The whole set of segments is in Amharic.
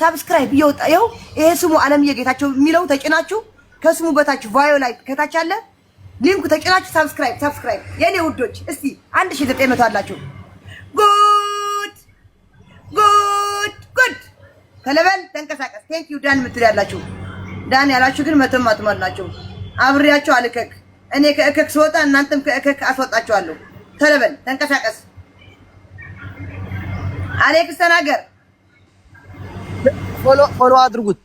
ሳብስክራይብ እየወጣ ይኸው፣ ይሄ ስሙ አለምዬ ጌታቸው የሚለው ተጭናችሁ ከስሙ በታች ቫዮ ላይ ከታች አለ ሊንኩ ተጭናችሁ ሰብስክራይብ ሰብስክራይብ የኔ ውዶች እስቲ መቶ አላችሁ። ጉድ ጉድ ጉድ ተለበል ተንቀሳቀስ። ቴንክ ዩ ዳን ምትል ያላችሁ ዳን ያላችሁ ግን መቶም አትሞላችሁ። አብሬያችሁ አልከክ እኔ ከእከክ ስወጣ እናንተም ከእከክ አስወጣችኋለሁ። ተለበል ተንቀሳቀስ። አሌክስ ተናገር ፎሎ አድርጉት፣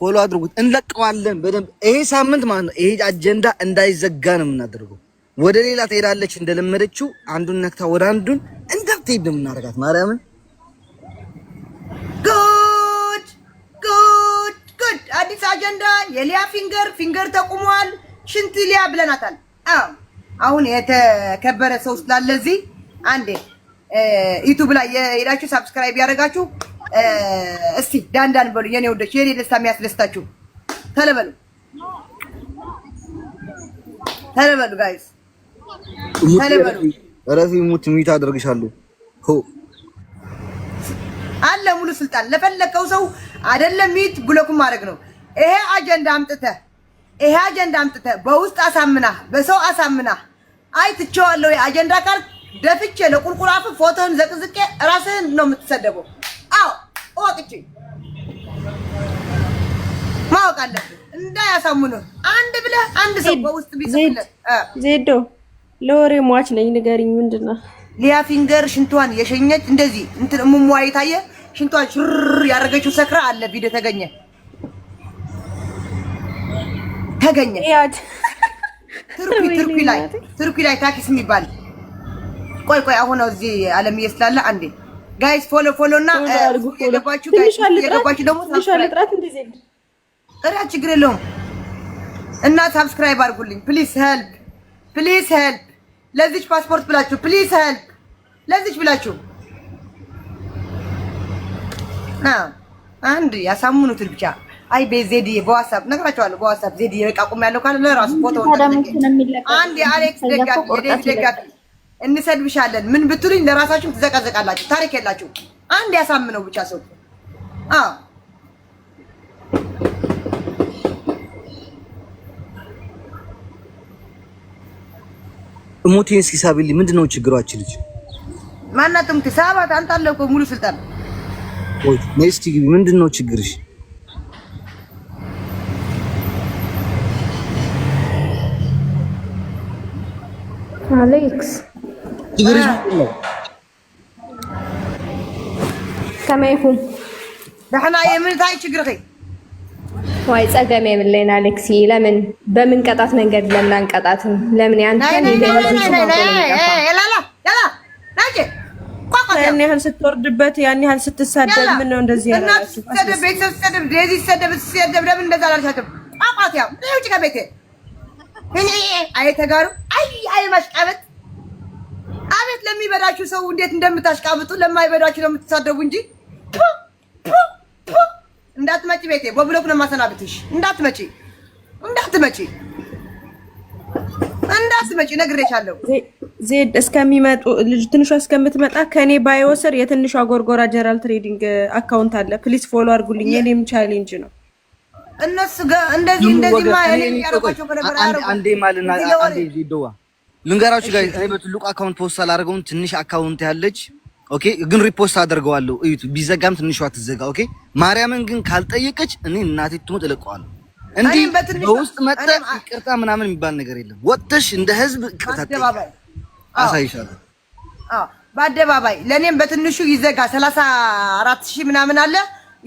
ፎሎ አድርጉት። እንለቀዋለን በደንብ ይሄ ሳምንት ማለት ነው። ይሄ አጀንዳ እንዳይዘጋ ነው የምናደርገው። ወደ ሌላ ትሄዳለች እንደለመደችው፣ አንዱን ነክታ ወደ አንዱን እንዳትሄድ ነው የምናደርጋት። ማርያምን ጉድ ጉድ ጉድ! አዲስ አጀንዳ የሊያ ፊንገር ፊንገር ተቁሟል። ሽንት ሊያ ብለናታል። አሁን የተከበረ ሰው ስላለዚህ አንዴ ዩቱብ ላይ የሄዳችሁ ሳብስክራይብ ያደረጋችሁ እስቲ ዳንዳን በሉ የኔ ወዶች፣ የኔ ደስታ የሚያስደስታችሁ ተለበሉ ተለበሉ ጋይስ ተለበሉ። ረፊ ሙት ሚት አደርግሻለሁ። ሆ አለ ሙሉ ስልጣን ለፈለከው ሰው አይደለም ሚት ብሎክም ማድረግ ነው። ይሄ አጀንዳ አምጥተህ ይሄ አጀንዳ አምጥተህ በውስጥ አሳምና በሰው አሳምና አይ ትቼዋለሁ የአጀንዳ ካል ደፍቼ ለቁልቁል አፍ ፎቶህን ዘቅዝቄ ራስህን ነው የምትሰደበው። አውጥቼ ማወቅ አለብን። እንዳያሳምኑን አንድ ብለህ አንድ ሰው በውስጥ ቢጽፍልህ ዜዶ ለወሬ ሟች ነኝ ንገሪኝ። ምንድን ሊያ ፊንገር ሽንቷን የሸኘች እንደዚህ እንትን የታየ ሽንቷን ሽር ያደረገችው ሰክራ አለ ቪዲዮ ተገኘ ተገኘ። ትርኩ ትርኩ ላይ ትርኩ ላይ ታኪስ የሚባል ቆይ ቆይ፣ አሁን እዚህ አለምዬ ስላለ አንዴ ጋይስ ፎሎ ፎሎ እና የገባችሁ ደግሞ ጥራት ችግር የለውም እና ሳብስክራይብ አድርጉልኝ ፕሊስ ሄልፕ ፕሊስ ሄልፕ ለዚች ፓስፖርት ብላችሁ ፕሊስ ሄልፕ ለዚች ብላችሁ አንድ ያሳምኑትን ብቻ። አይ በዜድዬ በዋትሳፕ ነግራቸዋለሁ። በዋትሳፕ ዜድዬ በቃ ቁም ያለው ካለ ለራሱ ፎቶ አንድ የአሌክስ ደጋፊ የዴቭ ደጋፊ እንሰድብሻለን ምን ብትሉኝ ለራሳችሁ ትዘቀዘቃላችሁ። ታሪክ የላችሁ። አንድ ያሳምነው ብቻ ሰው አዎ እሞቴን ሲሳብልኝ ምንድን ነው ችግሯችን? ልጅ ማናት እምት አንተ አለ እኮ ሙሉ ስልጣን ወይ ነስቲ ግቢ። ምንድን ነው ችግርሽ? አሌክስ ከመይ ነው። ደሕና እየ። ምን እንታይ ችግርኺ? ዋይ ፀገም የብለይን አሌክሲ። ለምን በምንቀጣት መንገድ ለምን አንቀጣትም? ለምን ያንተን ያን ያህል ስትወርድበት ያን ያህል ስትሳደብ ምን ነው እንደዚህ አቤት ለሚበዳችሁ ሰው እንዴት እንደምታሽቃብጡ ለማይበዳችሁ ነው የምትሳደቡ እንጂ እንዳትመጪ ቤቴ በብሎክ ነው የማሰናብትሽ። እንዳትመጪ እንዳትመጪ እንዳትመጪ ነግሬሻለሁ። ዜድ እስከሚመጡ ልጅ ትንሿ እስከምትመጣ ከኔ ባይወስር የትንሿ ጎርጎራ ጀራል ትሬዲንግ አካውንት አለ። ፕሊስ ፎሎ አድርጉልኝ። የኔም ቻሌንጅ ነው። እነሱ ጋር እንደዚህ እንደዚህ ማ ያረጓቸው ከነበረ አንዴ ማልና አንዴ ዜድዋ ልንገራችሁ ጋር እኔ በትልቁ አካውንት ፖስት አላደርገውም። ትንሽ አካውንት ያለች ኦኬ፣ ግን ሪፖስት አደርገዋለሁ። እዩት፣ ቢዘጋም ትንሿ ትዘጋ። ኦኬ፣ ማርያምን ግን ካልጠየቀች እኔ እናቴ ትሞት እለቀዋለሁ። እንዲህ በውስጥ መጣ ይቅርታ ምናምን የሚባል ነገር የለም። ወጥተሽ እንደ ህዝብ ይቅርታ አሳይሻለሁ። በአደባባይ ለእኔም በትንሹ ይዘጋ። ሰላሳ አራት ሺህ ምናምን አለ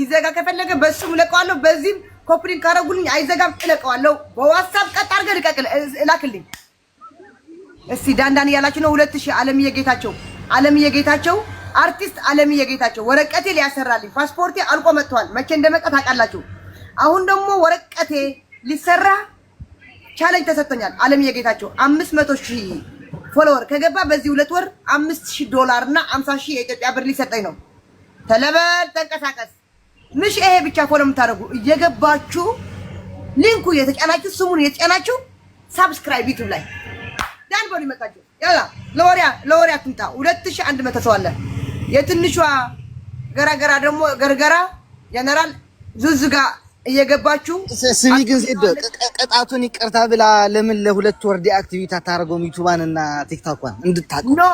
ይዘጋ። ከፈለገ በሱም እለቀዋለሁ። በዚህም ኮፕሪን ካረጉልኝ አይዘጋም እለቀዋለሁ። በዋትሳፕ ቀጥ አድርገህ ልቀቅል እላክልኝ እስቲ ዳንዳን እያላችሁ ነው። ሁለት ሺህ አለምዬ ጌታቸው፣ አለምዬ ጌታቸው፣ አርቲስት አለምዬ ጌታቸው። ወረቀቴ ሊያሰራልኝ ፓስፖርቴ አልቆ መጥቷል። መቼ እንደመጣ ታውቃላችሁ። አሁን ደግሞ ወረቀቴ ሊሰራ ቻለንጅ ተሰጥቶኛል። አለምዬ ጌታቸው አምስት መቶ ሺህ ፎሎወር ከገባ በዚህ ሁለት ወር አምስት ሺህ ዶላር እና አምሳ ሺህ የኢትዮጵያ ብር ሊሰጠኝ ነው። ተለበል ተንቀሳቀስ። ምሽ ይሄ ብቻ ፎሎ የምታደርጉ እየገባችሁ ሊንኩ የተጫናችሁ ስሙን የተጫናችሁ ሳብስክራይብ ዩቱብ ላይ ዳን በሉ ይመጣቸው። ያላ ለወሪያ ለወሪያ አትምጣ። ሁለት ሺህ አንድ መቶ ሰው አለ። የትንሿ ገራገራ ደግሞ ገርገራ ጀነራል ዙዝ እየገባችሁ ስሚ። ግን ሴት ቅጣቱን ይቅርታ ብላ ለምን ለሁለት ወር ዲአክቲቪቲ አታደርገውም? ዩቱባን እና ቲክታኳን እንድታውቁ ኖ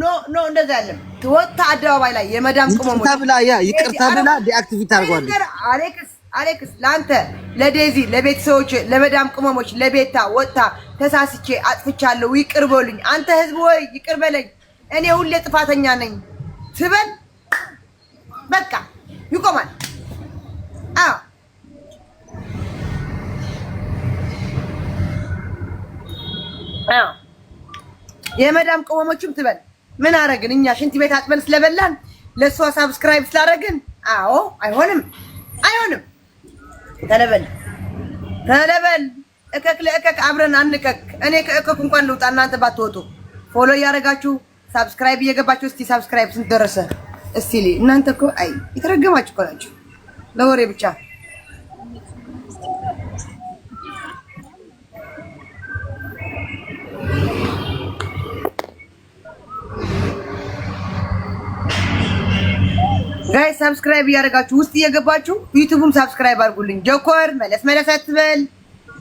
ኖ ኖ፣ እንደዛ አይደለም። ትወጣ አደባባይ ላይ የመዳም ቆሞ ብላ ያ ይቅርታ ብላ ዲአክቲቪቲ አድርጓለች። አሌክስ አሌክስ ለአንተ ለዴዚ ለቤተሰቦች ለመዳም ቅመሞች ለቤታ ወጥታ ተሳስቼ አጥፍቻለሁ ይቅር በሉኝ። አንተ ህዝብ ወይ ይቅር በለኝ፣ እኔ ሁሌ ጥፋተኛ ነኝ ትበል። በቃ ይቆማል። አዎ የመዳም ቅመሞችም ትበል። ምን አረግን እኛ ሽንት ቤት አጥበን ስለበላን ለእሷ ሳብስክራይብ ስላደረግን? አዎ አይሆንም፣ አይሆንም። ተለበል ተለበል እከክ ለእከክ አብረን አንቀክ። እኔ ከእከክ እንኳን ልውጣ እናንተ ባትወጡ። ፎሎ እያደረጋችሁ ሳብስክራይብ እየገባችሁ እስቲ ሳብስክራይብ ስንት ደረሰ እስቲ እናንተ እኮ አይ የተረገማችሁ እኮ ናችሁ ለወሬ ብቻ ጋይ ሰብስክራይብ እያደረጋችሁ ውስጥ እየገባችሁ ዩቲዩብም ሰብስክራይብ አድርጉልኝ። ጆኮር መለስ መለስ አትበል።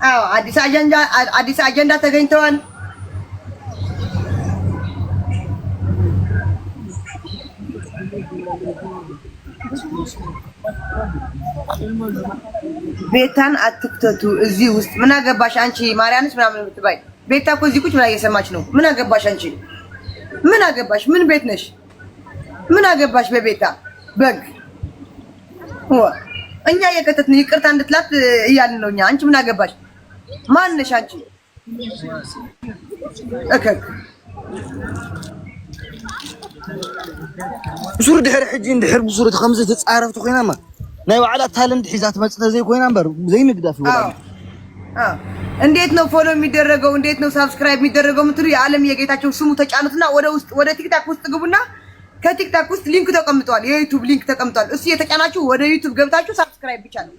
አዎ አዲስ አጀንዳ አዲስ አጀንዳ ተገኝተዋል። ቤታን አትክተቱ። እዚህ ውስጥ ምን አገባሽ አንቺ ማርያምስ ምናምን የምትባይ ቤታ እኮ እዚህ ቁጭ ብላ እየሰማች ነው። ምን አገባሽ አንቺ ምን አገባሽ? ምን ቤት ነሽ? ምን አገባሽ በቤታ በግ እኛ የከተት ነው ይቅርታ እንድትላት እያልን ነው። እኛ አንቺ ምን አገባሽ? ማን ነሽ አንቺ? እከክ ብሱር ድሕሪ ሕጂ እንድሕር ብሱር ከምዚ ተፃረፍቲ ኮይናማ ናይ ባዕላ ታለንድ ሒዛ ትመፅእ ተዘይ ኮይና እምበር ዘይንግዳፍ ይወላ እንዴት ነው ፎሎ የሚደረገው? እንዴት ነው ሳብስክራይብ የሚደረገው? ምትሉ የዓለም የጌታቸው ስሙ ተጫኑትና ወደ ውስጥ ወደ ቲክታክ ውስጥ ግቡና ከቲክታክ ውስጥ ሊንክ ተቀምጧል። የዩቲዩብ ሊንክ ተቀምጧል። እሱ የተጫናችሁ ወደ ዩቲዩብ ገብታችሁ ሰብስክራይብ ብቻ ነው፣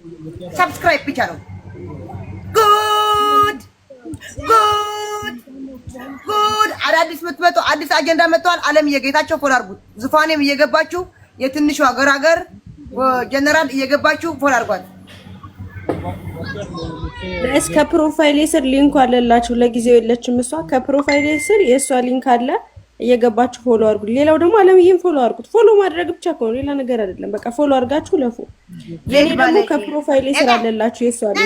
ሰብስክራይብ ብቻ ነው። ጉድ ጉድ ጉድ! አዳዲስ የምትመጡ አዲስ አጀንዳ መጥተዋል። አለም እየጌታቸው ፎል አርጉት ዙፋኔም እየገባችሁ የትንሹ ሀገር ሀገር ጀነራል እየገባችሁ ፎል አርጓት እስከ ፕሮፋይል ስር ሊንኩ አለላችሁ። ለጊዜው የለችም እሷ። ከፕሮፋይል ስር የእሷ ሊንክ አለ እየገባችሁ ፎሎ አድርጉ። ሌላው ደግሞ አለምዬም ፎሎ አድርጉት። ፎሎ ማድረግ ብቻ ከሆነ ሌላ ነገር አይደለም። በቃ ፎሎ አድርጋችሁ ለፎ እኔ ደግሞ ከፕሮፋይል ስራ አለላችሁ የሱ አለ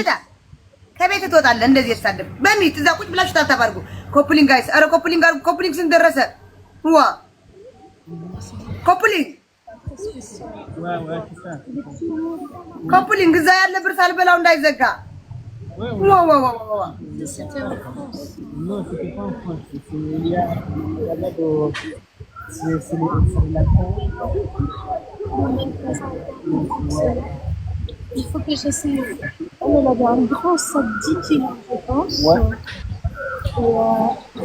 ከቤት ትወጣለህ። እንደዚህ የተሳደብ በሚት እዛ ቁጭ ብላችሁ ታብታብ አድርጉ። ኮፕሊንግ ጋይስ፣ ኧረ ኮፕሊንግ አድርጉ። ኮፕሊንግ ስንት ደረሰ? ዋ ኮፕሊንግ ኮፕሊንግ እዛ ያለ ብር ሳልበላው እንዳይዘጋ Ouais, ouais. Ouah, ouah, ouah, C'était en France. Non, c'était pas en France. C'est il y C'est là-bas au... C'est la France. Il faut que j'essaie. Elle va avoir un grand sac 10 kilos, je pense. Ouais. Et, euh...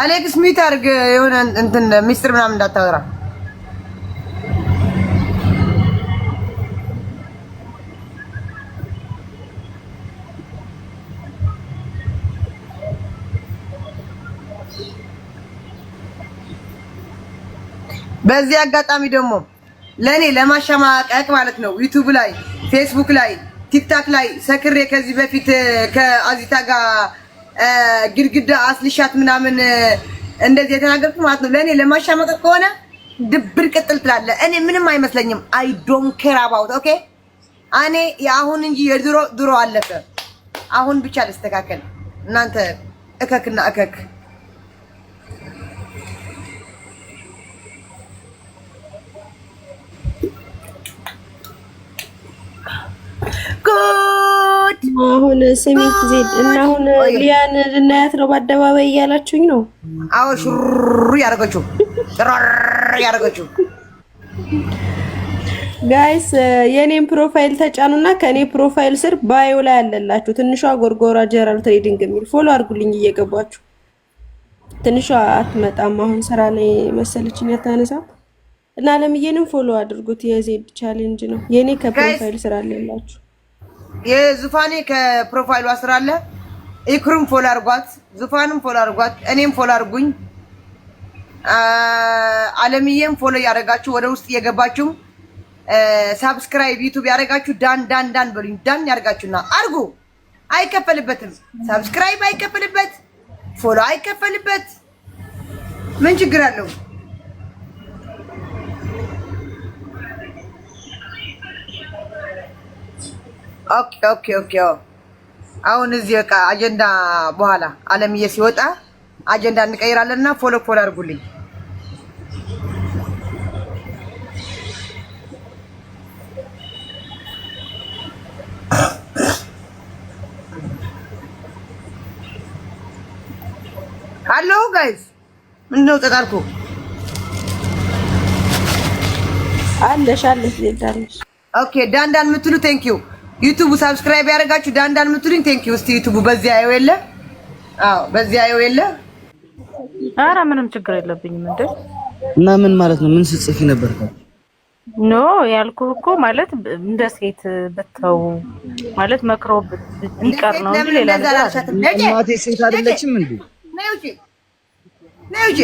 አሌክስ ሚት አድርግ የሆነ እንትን ሚስጥር ምናምን እንዳታወራ። በዚህ አጋጣሚ ደግሞ ለእኔ ለማሸማቀቅ ማለት ነው። ዩቱብ ላይ፣ ፌስቡክ ላይ፣ ቲክታክ ላይ ሰክሬ ከዚህ በፊት ከአዚታ ጋር ግድግዳ አስልሻት ምናምን እንደዚህ የተናገርኩ ማለት ነው። ለእኔ ለማሸማቀቅ ከሆነ ድብር ቅጥል ትላለ እኔ ምንም አይመስለኝም። አይ ዶንት ኬር አባውት ኦኬ። እኔ የአሁን እንጂ የድሮ ድሮ አለፈ። አሁን ብቻ ልስተካከል። እናንተ እከክና እከክ ጉድ! አሁን ስሜት ዜድ እና አሁን ሊያን ልናያት ነው በአደባባይ እያላችሁኝ ነው? አዎ ሹሩ ያደረገችው ጥራር ያደረገችው። ጋይስ የኔን ፕሮፋይል ተጫኑና ከኔ ፕሮፋይል ስር ባዮ ላይ አለላችሁ ትንሿ ጎርጎራ ጀራል ትሬዲንግ የሚል ፎሎ አድርጉልኝ እየገባችሁ። ትንሿ አትመጣም አሁን ስራ ላይ መሰለችኝ ያታነሳት እና አለምዬንም ፎሎ አድርጉት። የዜድ ቻሌንጅ ነው የኔ ከፕሮፋይል ስር አለላችሁ። የዙፋኔ ከፕሮፋይሏ ስራ አለ። ኢክሩም ፎል አርጓት፣ ዙፋንም ፎል አርጓት፣ እኔም ፎሎ አርጉኝ። አለምዬም ፎሎ ያደረጋችሁ ወደ ውስጥ እየገባችሁም ሳብስክራይብ ዩቱብ ያደረጋችሁ ዳን ዳን ዳን በሉኝ። ዳን ያደርጋችሁና አርጉ። አይከፈልበትም። ሳብስክራይብ አይከፈልበት፣ ፎሎ አይከፈልበት። ምን ችግር አለው? ኦኬ ኦኬ ኦኬ። አሁን እዚህ በቃ አጀንዳ በኋላ አለምዬ ሲወጣ አጀንዳ እንቀይራለን እና ፎሎ ፎሎ አድርጉልኝ። አሎ ጋይዝ ምንድነው ተጣልኩ? አለሽ አለሽ ኦኬ ዳንዳን የምትሉ ቴንኪው ዩቱቡ ሳብስክራይብ ያደርጋችሁ ዳንዳን ምትሉኝ ቴንክ ዩ። እስቲ ዩቱቡ በዚህ አየው የለ? አዎ በዚህ አየው የለ? ኧረ ምንም ችግር የለብኝም እንዴ። እና ምን ማለት ነው? ምን ስትጽፊ ነበር? ኖ ያልኩ እኮ ማለት እንደ ሴት ብተው ማለት መክሮ ቢቀር ነው እንጂ ሌላ ነገር ሴት አይደለችም እንዴ? ነይ ውጪ፣ ነይ ውጪ።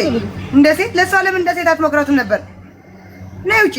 እንደ ሴት ለሷ ለምን እንደ ሴት አትመክራቱም ነበር? ነይ ውጪ